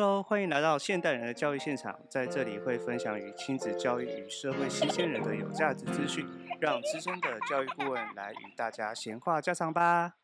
Hello，歡迎來到現代人的教育現場，在這裡會分享與親子教育與社會新鮮人的有價值資訊，讓資深的教育顧問來與大家閒話家常吧。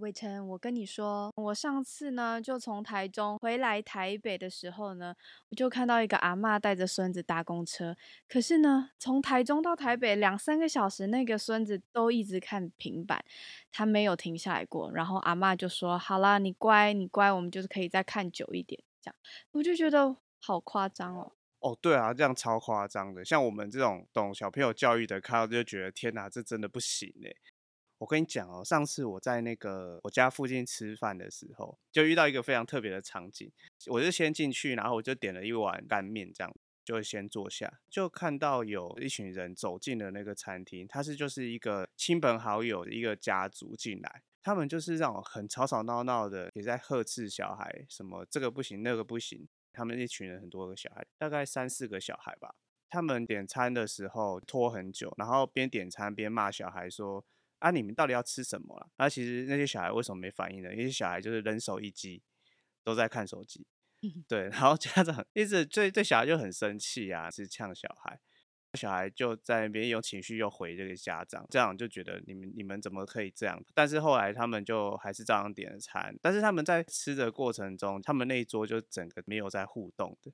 魏成，我跟你說，我上次呢就從台中回來台北的時候呢，我就看到一個阿嬤帶着孫子搭公車，可是呢，從台中到台北兩三個小時，那個孫子都一直看平板，他沒有停下來過。然後阿嬤就說：“好啦，你乖，你乖，我們就是可以再看久一點。”這樣，我就覺得好誇張哦。哦，對啊，這樣超誇張的。像我們這種懂小朋友教育的，看到就覺得天哪、啊，這真的不行哎。我跟你講哦，上次我在那個我家附近吃飯的時候，就遇到一個非常特別的場景。我就先進去，然後我就點了一碗乾麵，這樣就會先坐下，就看到有一群人走進了那個餐廳，他是就是一個親朋好友的一個家族進來，他們就是讓我很吵吵鬧鬧鬧的，也在呵斥小孩，什麼這個不行那個不行。他們一群人很多個小孩，大概三四個小孩吧。他們點餐的時候拖很久，然後邊點餐邊罵小孩說。啊！你們到底要吃什麼了、啊？那、啊、其實那些小孩為什麼沒反應呢？因為小孩就是人手一機，都在看手機。對，然後家長一直對對小孩就很生氣啊，是嗆小孩，小孩就在那邊有情緒，又回這個家長，家長就覺得你們你們怎麼可以這樣？但是後來他們就還是照樣點了餐，但是他們在吃的過程中，他們那一桌就整個沒有在互動的，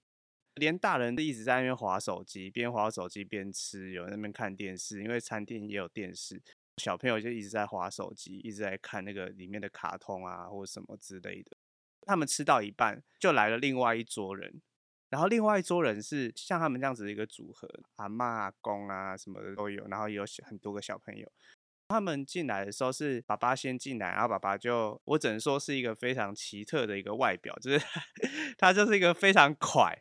連大人都一直在那邊滑手機，邊滑手機邊吃，有人在那邊看電視，因為餐廳也有電視。小朋友就一直在滑手機，一直在看那個裡面的卡通啊，或者什麼之類的。他們吃到一半，就來了另外一桌人，然後另外一桌人是像他們這樣子的一個組合，阿嬤、阿公啊什麼的都有，然後也有很多個小朋友。他們進來的時候是爸爸先進來，然後爸爸就，我只能說是一個非常奇特的一個外表，就是 他就是一個非常塊、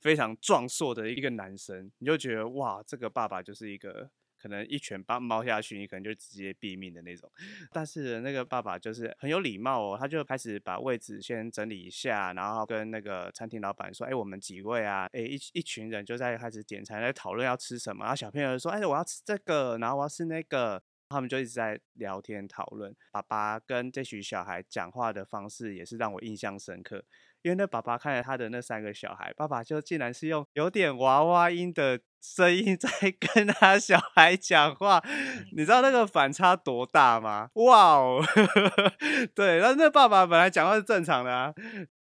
非常壯碩的一個男生，你就覺得哇，這個爸爸就是一個。可能一拳把貓下去，你可能就直接斃命的那種。但是那個爸爸就是很有禮貌哦，他就開始把位置先整理一下，然後跟那個餐廳老闆說：“哎，我們幾位啊，哎，一一群人就在開始點餐，在討論要吃什麼。”然後小朋友說：“哎，我要吃這個，然後我要吃那個。”他們就一直在聊天討論。爸爸跟這群小孩講話的方式也是讓我印象深刻。因為那爸爸看着他的那三個小孩，爸爸就竟然是用有點娃娃音的聲音在跟他小孩講話，你知道那個反差多大嗎？哇哦，對，那那爸爸本來講話是正常的，啊，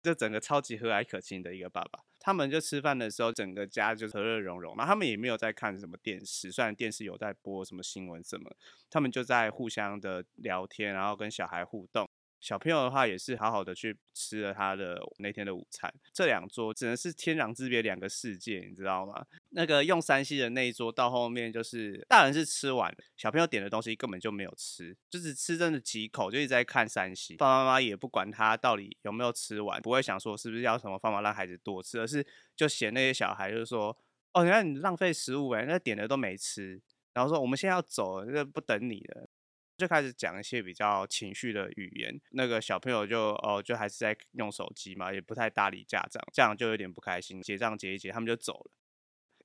就整個超級和藹可親的一個爸爸。他們就吃飯的時候，整個家就和樂融融嘛，然後他們也沒有在看什麼電視，雖然電視有在播什麼新聞什麼，他們就在互相的聊天，然後跟小孩互動。小朋友的話也是好好的去吃了他的那天的午餐，這兩桌只能是天壤之別，兩個世界，你知道嗎？那個用 3C 的那一桌到後面就是大人是吃完了，小朋友點的東西根本就沒有吃，就是吃真的幾口，就一直在看 3C。爸爸媽媽也不管他到底有沒有吃完，不會想說是不是要什麼方法讓孩子多吃，而是就嫌那些小孩就是說，哦，你看你浪費食物誒，那點的都沒吃，然後說我們現在要走了，就不等你了。就開始講一些比較情緒的語言，那個小朋友就哦，就還是在用手機嘛，也不太搭理家長，這樣就有點不開心。結賬結一結，他們就走了。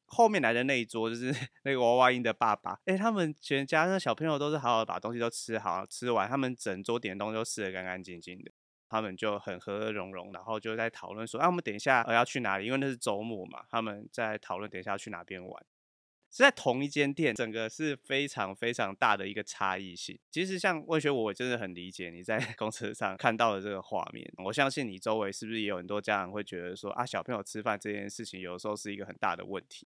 後面來的那一桌就是那個娃娃音的爸爸，哎、欸，他們全家那小朋友都是好好把東西都吃好，好，吃完他們整桌點的東西都吃得乾乾淨淨的，他們就很和和融融，然後就在討論說，哎、啊，我們等一下呃要去哪裡，因為那是周末嘛，他們在討論等一下要去哪邊玩。是在同一間店，整個是非常非常大的一個差異性。其實像魏學，我真的很理解你在公車上看到的這個畫面。我相信你周圍是不是也有很多家長會覺得說啊，小朋友吃飯這件事情，有時候是一個很大的問題。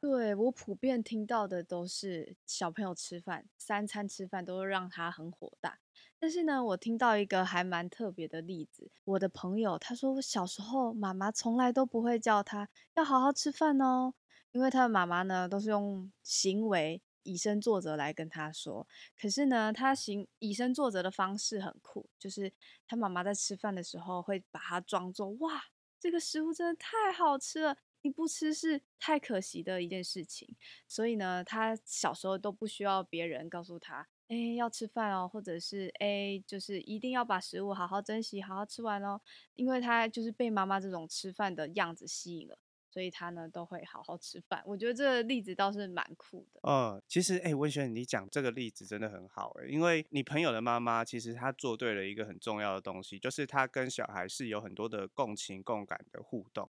對，我普遍聽到的都是小朋友吃飯，三餐吃飯都會讓他很火大。但是呢，我聽到一個還蠻特別的例子，我的朋友他說，我小時候媽媽從來都不會叫他要好好吃飯哦。因為他的媽媽呢，都是用行為以身作則來跟他說。可是呢，他行，以身作則的方式很酷，就是他媽媽在吃飯的時候會把他裝作哇，這個食物真的太好吃了，你不吃是太可惜的一件事情。所以呢，他小時候都不需要別人告訴他，哎，要吃飯哦，或者是，哎，就是一定要把食物好好珍惜，好好吃完哦。因為他就是被媽媽這種吃飯的樣子吸引了。所以他呢都會好好吃飯，我覺得這個例子倒是蠻酷的。嗯、哦，其實哎，文軒，你講這個例子真的很好哎，因為你朋友的媽媽其實她做對了一個很重要的東西，就是她跟小孩是有很多的共情、共感的互動。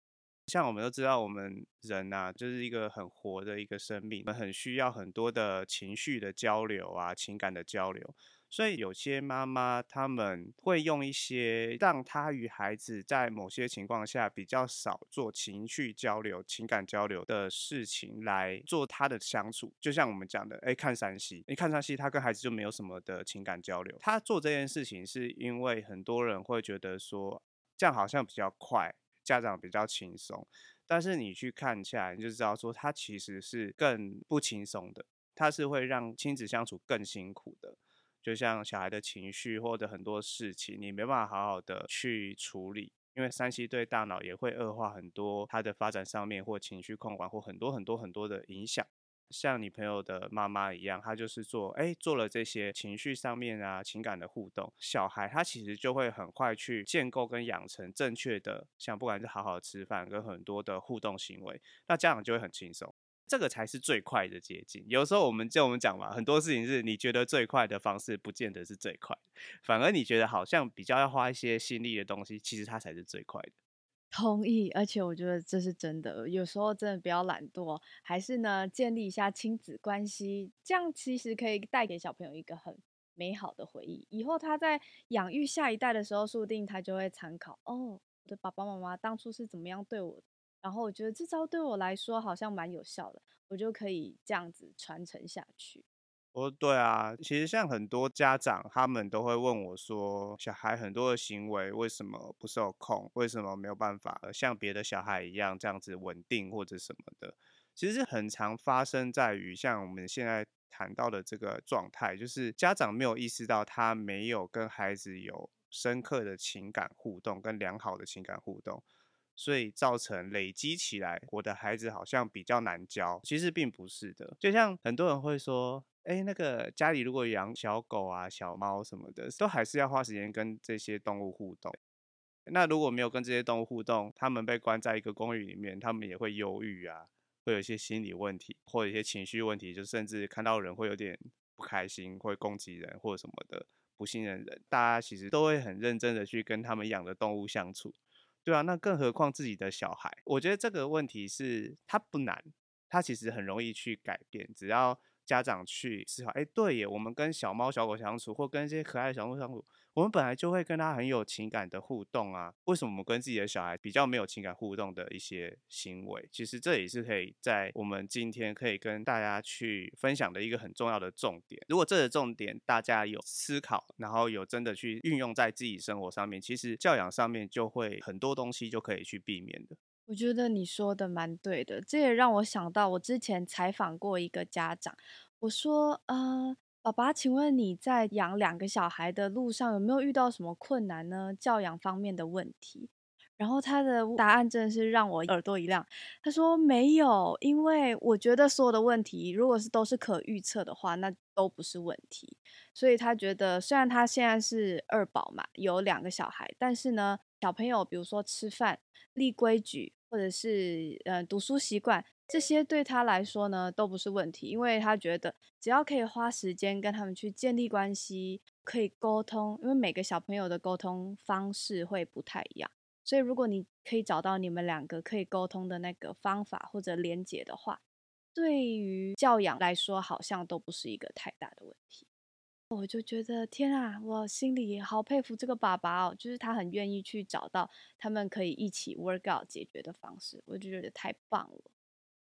像我們都知道，我們人吶、啊，就是一個很活的一個生命，我們很需要很多的情緒的交流啊，情感的交流。所以有些媽媽她們會用一些讓她與孩子在某些情況下比較少做情緒交流、情感交流的事情來做她的相處，就像我們講的，哎、欸，看 3C，你、欸、看 3C，她跟孩子就沒有什麼的情感交流。她做這件事情是因為很多人會覺得說這樣好像比較快，家長比較輕鬆，但是你去看下來，你就知道說他其實是更不輕鬆的，他是會讓親子相處更辛苦的。就像小孩的情緒或者很多事情，你沒辦法好好的去處理，因為三 C 對大腦也會惡化很多，它的發展上面或情緒控管或很多很多很多的影響。像你朋友的媽媽一樣，她就是做誒做了這些情緒上面啊情感的互動，小孩他其實就會很快去建構跟養成正確的，像不管是好好吃飯跟很多的互動行為，那家長就會很輕鬆。這個才是最快的捷徑。有時候我們就我們講嘛，很多事情是你覺得最快的方式，不見得是最快，反而你覺得好像比較要花一些心力的東西，其實它才是最快的。同意，而且我覺得這是真的。有時候真的比較懶惰，還是呢建立一下親子關係，這樣其實可以帶給小朋友一個很美好的回憶。以後他在養育下一代的時候，說不定他就會參考哦，對，爸爸媽媽當初是怎麼樣對我然後我覺得這招對我來說好像蠻有效的，我就可以這樣子傳承下去。哦，對啊，其實像很多家長，他們都會問我說，小孩很多的行為為什麼不受控，為什麼沒有辦法像別的小孩一樣這樣子穩定或者什麼的？其實很常發生在於像我們現在談到的這個狀態，就是家長沒有意識到他沒有跟孩子有深刻的情感互動，跟良好的情感互動。所以造成累積起來，我的孩子好像比較難教，其實並不是的。就像很多人會說，哎、欸，那個家裡如果養小狗啊、小貓什麼的，都還是要花時間跟這些動物互動。那如果沒有跟這些動物互動，他們被關在一個公寓裡面，他們也會憂鬱啊，會有一些心理問題，或者一些情緒問題，就甚至看到人會有點不開心，會攻擊人或者什麼的，不信任人。大家其實都會很認真的去跟他們養的動物相處。對啊，那更何況自己的小孩？我覺得這個問題是它不難，它其實很容易去改變，只要家長去思考。哎，對耶，我們跟小貓、小狗相處，或跟一些可愛的小動物相處。我們本來就會跟他很有情感的互動啊，為什麼我們跟自己的小孩比較沒有情感互動的一些行為？其實這也是可以在我們今天可以跟大家去分享的一個很重要的重點。如果這個重點大家有思考，然後有真的去運用在自己生活上面，其實教養上面就會很多東西就可以去避免的。我覺得你說的蠻對的，這也讓我想到我之前採訪過一個家長，我說，呃。爸爸，請問你在養兩個小孩的路上有沒有遇到什麼困難呢？教養方面的問題。然後他的答案真的是讓我耳朵一亮。他說沒有，因為我覺得所有的問題，如果是都是可預測的話，那都不是問題。所以他覺得，雖然他現在是二寶嘛，有兩個小孩，但是呢，小朋友比如說吃飯、立規矩，或者是嗯、呃，讀書習慣。這些對他來說呢，都不是問題，因為他覺得只要可以花時間跟他們去建立關係，可以溝通，因為每個小朋友的溝通方式會不太一樣，所以如果你可以找到你們兩個可以溝通的那個方法或者連結的話，對於教養來說好像都不是一個太大的問題。我就覺得天啊，我心裡好佩服這個爸爸哦，就是他很願意去找到他們可以一起 work out 解決的方式，我就覺得太棒了。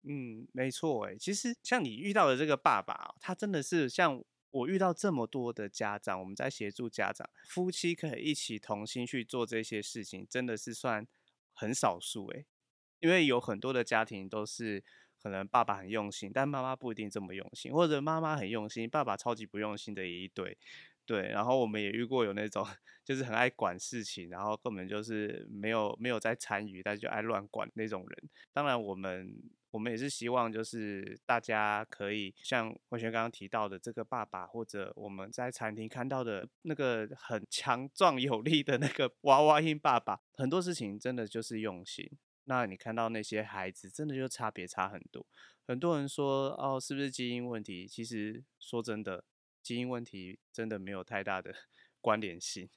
嗯，沒錯誒。其實像你遇到的這個爸爸，他真的是像我遇到這麼多的家長，我們在協助家長，夫妻可以一起同心去做這些事情，真的是算很少數誒。因為有很多的家庭都是可能爸爸很用心，但媽媽不一定這麼用心，或者媽媽很用心，爸爸超級不用心的一對。對，然後我們也遇過有那種，就是很愛管事情，然後根本就是沒有沒有在參與，但是就愛亂管那種人。當然，我們我們也是希望，就是大家可以像文軒剛剛提到的這個爸爸，或者我們在餐廳看到的那個很強壯有力的那個娃娃音爸爸，很多事情真的就是用心。那你看到那些孩子，真的就差別差很多。很多人說哦，是不是基因問題？其實說真的。基因問題真的沒有太大的關聯性，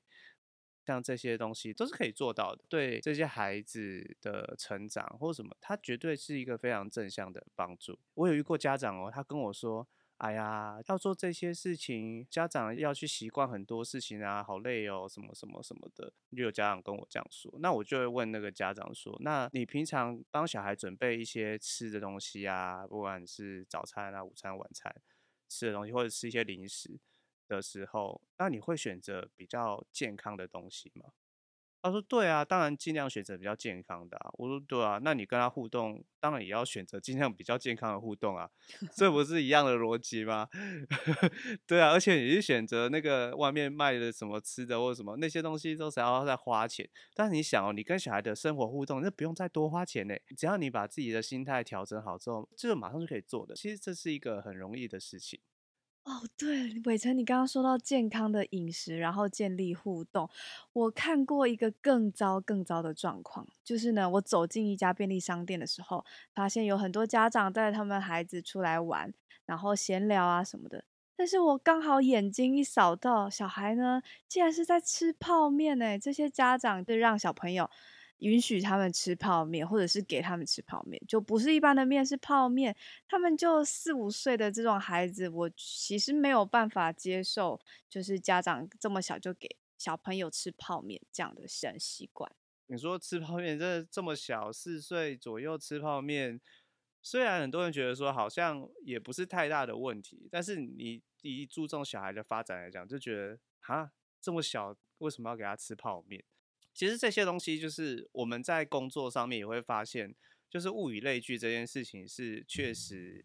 像這些東西都是可以做到的。對這些孩子的成長或者什麼，它絕對是一個非常正向的幫助。我有遇過家長哦，他跟我說：“哎呀，要做這些事情，家長要去習慣很多事情啊，好累哦，什麼什麼什麼的。”就有家長跟我這樣說，那我就會問那個家長說：“那你平常幫小孩準備一些吃的東西啊，不管是早餐啊、午餐、晚餐？”吃的東西，或者吃一些零食的時候，那你會選擇比較健康的東西嗎？他說：“對啊，當然盡量選擇比較健康的啊。”我說：“對啊，那你跟他互動，當然也要選擇盡量比較健康的互動啊，這不是一樣的邏輯嗎？ 對啊，而且你是選擇那個外面賣的什麼吃的或者什麼那些東西，都是要再花錢。但是你想哦，你跟小孩的生活互動，那不用再多花錢嘞，只要你把自己的心態調整好之後，這個馬上就可以做的。其實這是一個很容易的事情。”哦，對，偉成，你剛剛說到健康的飲食，然後建立互動。我看過一個更糟、更糟的狀況，就是呢，我走進一家便利商店的時候，發現有很多家長帶他們孩子出來玩，然後閒聊啊什麽的。但是我剛好眼睛一掃到，小孩呢，竟然是在吃泡麵誒！這些家長就讓小朋友。允許他們吃泡麵，或者是給他們吃泡麵，就不是一般的麵，是泡麵。他們就四五歲的這種孩子，我其實沒有辦法接受，就是家長這麼小就給小朋友吃泡麵這樣的生活習慣。你說吃泡麵，這這麼小，四歲左右吃泡麵，雖然很多人覺得說好像也不是太大的問題，但是你以注重小孩的發展來講，就覺得啊，這麼小為什麼要給他吃泡麵？其實這些東西就是我們在工作上面也會發現，就是物以類聚這件事情是確實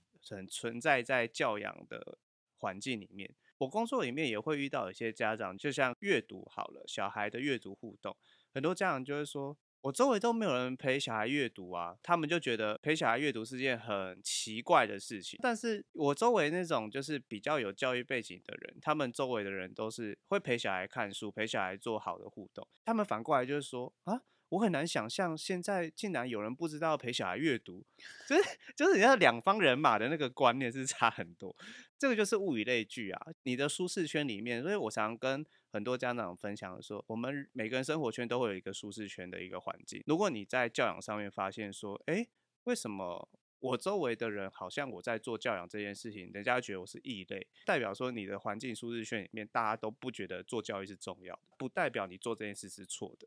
存在在教養的環境裡面。我工作裡面也會遇到一些家長，就像閱讀好了，小孩的閱讀互動，很多家長就會說。我周圍都沒有人陪小孩閱讀啊，他們就覺得陪小孩閱讀是件很奇怪的事情。但是，我周圍那種就是比較有教育背景的人，他們周圍的人都是會陪小孩看書、陪小孩做好的互動。他們反過來就是說啊，我很難想象現在竟然有人不知道陪小孩閱讀，所以就是就是人家兩方人馬的那個觀念是差很多。這個就是物以類聚啊，你的舒適圈裡面，所以我常常跟。很多家長分享說，我們每個人生活圈都會有一個舒適圈的一個環境。如果你在教養上面發現說，誒、欸，為什麼我周圍的人好像我在做教養這件事情，人家覺得我是異類，代表說你的環境舒適圈裡面，大家都不覺得做教育是重要的，不代表你做這件事是錯的。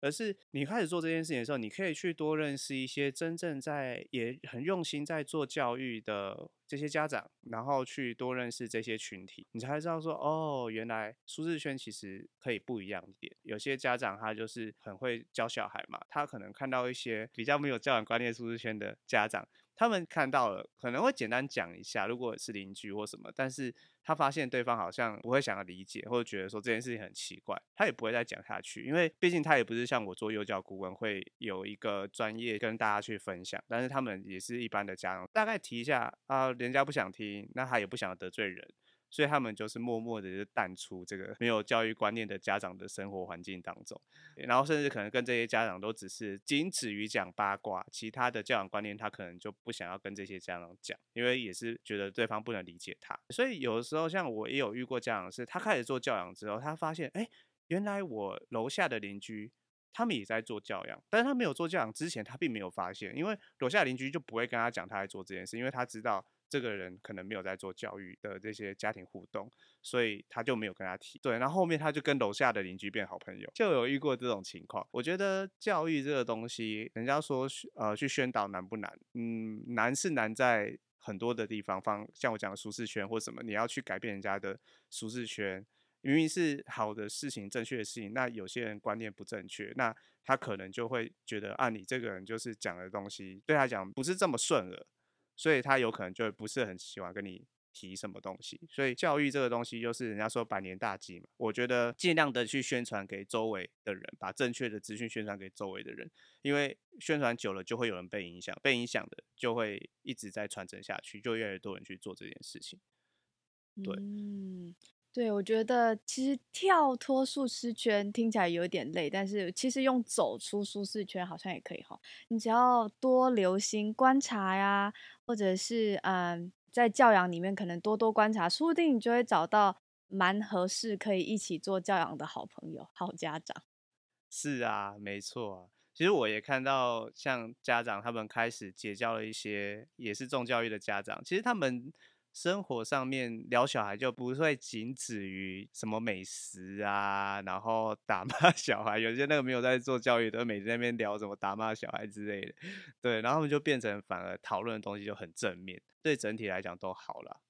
而是你開始做這件事情的時候，你可以去多認識一些真正在也很用心在做教育的這些家長，然後去多認識這些群體，你才知道說哦，原來舒適圈其實可以不一樣一點。有些家長他就是很會教小孩嘛，他可能看到一些比較沒有教養觀念舒適圈的家長。他們看到了，可能會簡單講一下，如果是鄰居或什麼，但是他發現對方好像不會想要理解，或者覺得說這件事情很奇怪，他也不會再講下去，因為畢竟他也不是像我做幼教顧問會有一個專業跟大家去分享，但是他們也是一般的家長，大概提一下，啊，呃，人家不想聽，那他也不想得罪人。所以他們就是默默地淡出這個沒有教育觀念的家長的生活環境當中，然後甚至可能跟這些家長都只是僅止於講八卦，其他的教養觀念他可能就不想要跟這些家長講，因為也是覺得對方不能理解他。所以有的時候像我也有遇過這樣的事，他開始做教養之後，他發現，哎，原來我樓下的鄰居他們也在做教養，但是他沒有做教養之前，他並沒有發現，因為樓下的鄰居就不會跟他講他在做這件事，因為他知道。這個人可能沒有在做教育的這些家庭互動，所以他就沒有跟他提。對，然後後面他就跟樓下的鄰居變好朋友，就有遇過這種情況。我覺得教育這個東西，人家說呃去宣導難不難？嗯，難是難在很多的地方，方像我講的舒適圈或什麼，你要去改變人家的舒適圈，明明是好的事情、正確的事情，那有些人觀念不正確，那他可能就會覺得啊，你這個人就是講的東西對他講不是這麼順耳。所以他有可能就不是很喜歡跟你提什麼東西。所以教育這個東西就是人家說百年大計嘛。我覺得儘量的去宣傳給周圍的人，把正確的資訊宣傳給周圍的人，因為宣傳久了就會有人被影響，被影響的就會一直在傳承下去，就越來越多人去做這件事情。嗯，對，對，我覺得其實跳脫舒適圈聽起來有點累，但是其實用走出舒適圈好像也可以哈。你只要多留心觀察呀，啊。或者是，嗯，在教養裡面可能多多觀察，說不定你就會找到蠻合適可以一起做教養的好朋友、好家長。是啊，沒錯啊。其實我也看到，像家長他們開始結交了一些也是重教育的家長，其實他們。生活上面聊小孩就不會僅止於什麼美食啊，然後打罵小孩，有些那個沒有在做教育的，每天在那邊聊什麼打罵小孩之類的，對，然後他們就變成反而討論的東西就很正面，對整體來講都好了。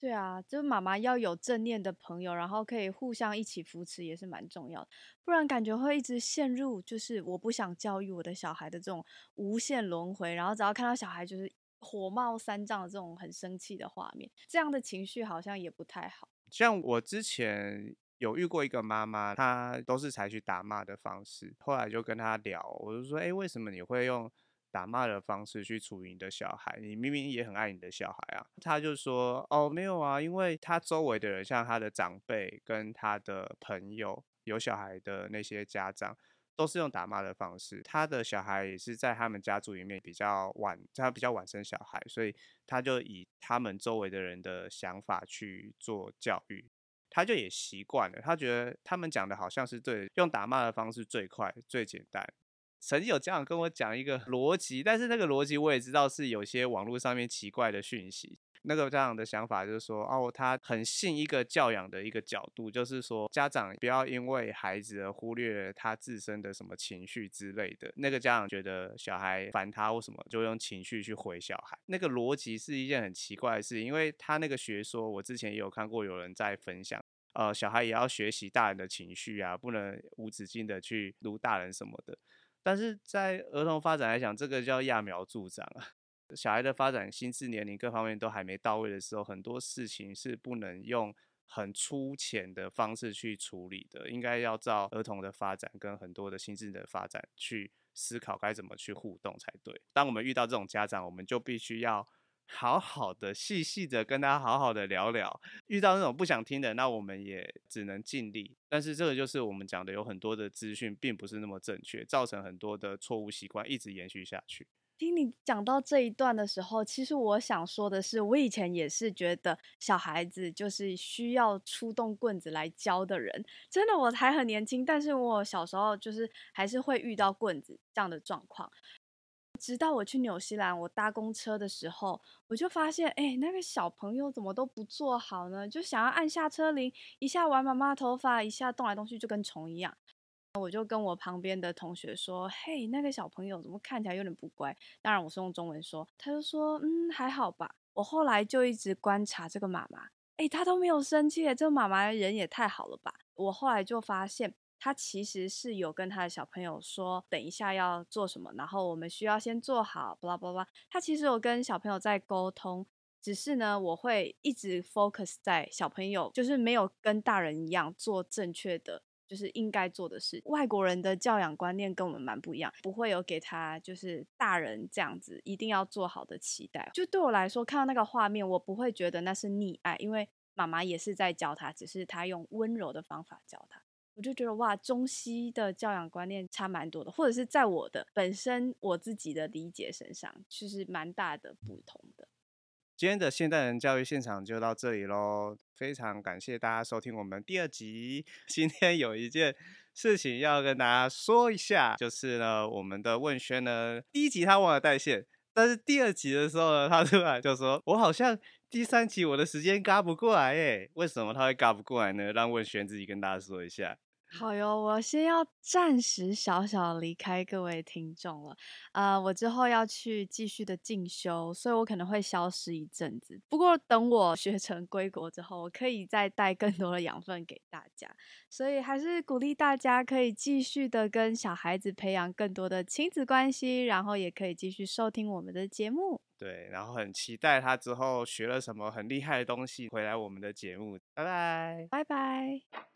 對啊，就是媽媽要有正念的朋友，然後可以互相一起扶持，也是蠻重要的，不然感覺會一直陷入就是我不想教育我的小孩的這種無限輪迴，然後只要看到小孩就是。火冒三丈的這種很生氣的畫面，這樣的情緒好像也不太好。像我之前有遇過一個媽媽，她都是採取打罵的方式。後來就跟她聊，我就說：“哎，為什麼你會用打罵的方式去處理你的小孩？你明明也很愛你的小孩啊。”她就說：“哦，沒有啊，因為她周圍的人，像她的長輩跟她的朋友，有小孩的那些家長。”都是用打罵的方式，他的小孩也是在他們家族裡面比較晚，他比較晚生小孩，所以他就以他們周圍的人的想法去做教育，他就也習慣了，他覺得他們講的好像是對，用打罵的方式最快最簡單。曾經有家長跟我講一個邏輯，但是那個邏輯我也知道是有些網絡上面奇怪的訊息。那個家長的想法就是說，哦，他很信一個教養的一個角度，就是說家長不要因為孩子而忽略了他自身的什麼情緒之類的。那個家長覺得小孩煩他或什麼，就用情緒去回小孩。那個邏輯是一件很奇怪的事，因為他那個學說，我之前也有看過有人在分享，呃，小孩也要學習大人的情緒啊，不能無止境的去盧大人什麼的。但是在兒童發展來講，這個叫揠苗助長啊。小孩的發展、心智年齡各方面都還沒到位的時候，很多事情是不能用很粗淺的方式去處理的，應該要照兒童的發展跟很多的心智的發展去思考該怎麼去互動才對。當我們遇到這種家長，我們就必須要好好的、細細的跟他好好的聊聊。遇到那種不想聽的，那我們也只能盡力。但是這個就是我們講的，有很多的資訊並不是那麼正確，造成很多的錯誤習慣一直延續下去。聽你講到這一段的時候，其實我想說的是，我以前也是覺得小孩子就是需要出動棍子來教的人。真的，我還很年輕，但是我小時候就是還是會遇到棍子這樣的狀況。直到我去紐西蘭，我搭公車的時候，我就發現，哎，那個小朋友怎麼都不坐好呢？就想要按下車鈴，一下玩媽媽頭髮，一下動來動去，就跟蟲一樣。我就跟我旁邊的同學說：“嘿，那個小朋友怎麼看起來有點不乖？”當然，我是用中文說。他就說：“嗯，還好吧。”我後來就一直觀察這個媽媽，哎，他都沒有生氣，哎，這個媽媽人也太好了吧？我後來就發現，他其實是有跟他的小朋友說，等一下要做什麼，然後我們需要先做好，巴拉巴拉。他其實有跟小朋友在溝通，只是呢，我會一直 focus 在小朋友，就是沒有跟大人一樣做正確的。就是應該做的事。外國人的教養觀念跟我們蠻不一樣，不會有給他就是大人這樣子一定要做好的期待。就對我來說，看到那個畫面，我不會覺得那是溺愛，因為媽媽也是在教他，只是他用溫柔的方法教他。我就覺得哇，中西的教養觀念差蠻多的，或者是在我的本身我自己的理解身上，其實蠻大的不同的。今天的現代人教育現場就到這裡嘍，非常感謝大家收聽我們第二集。今天有一件事情要跟大家說一下，就是呢，我們的問軒呢第一集他忘了帶線，但是第二集的時候呢，他突然就說我好像第三集我的時間趕不過來哎，為什麼他會趕不過來呢？讓問軒自己跟大家說一下。好喲，我先要暫時小小離開各位聽眾了。啊、呃，我之後要去繼續的進修，所以我可能會消失一陣子。不過等我學成歸國之後，我可以再帶更多的養分給大家。所以還是鼓勵大家可以繼續的跟小孩子培養更多的親子關係，然後也可以繼續收聽我們的節目。對，然後很期待他之後學了什麼很厲害的東西回來我們的節目。拜拜，拜拜。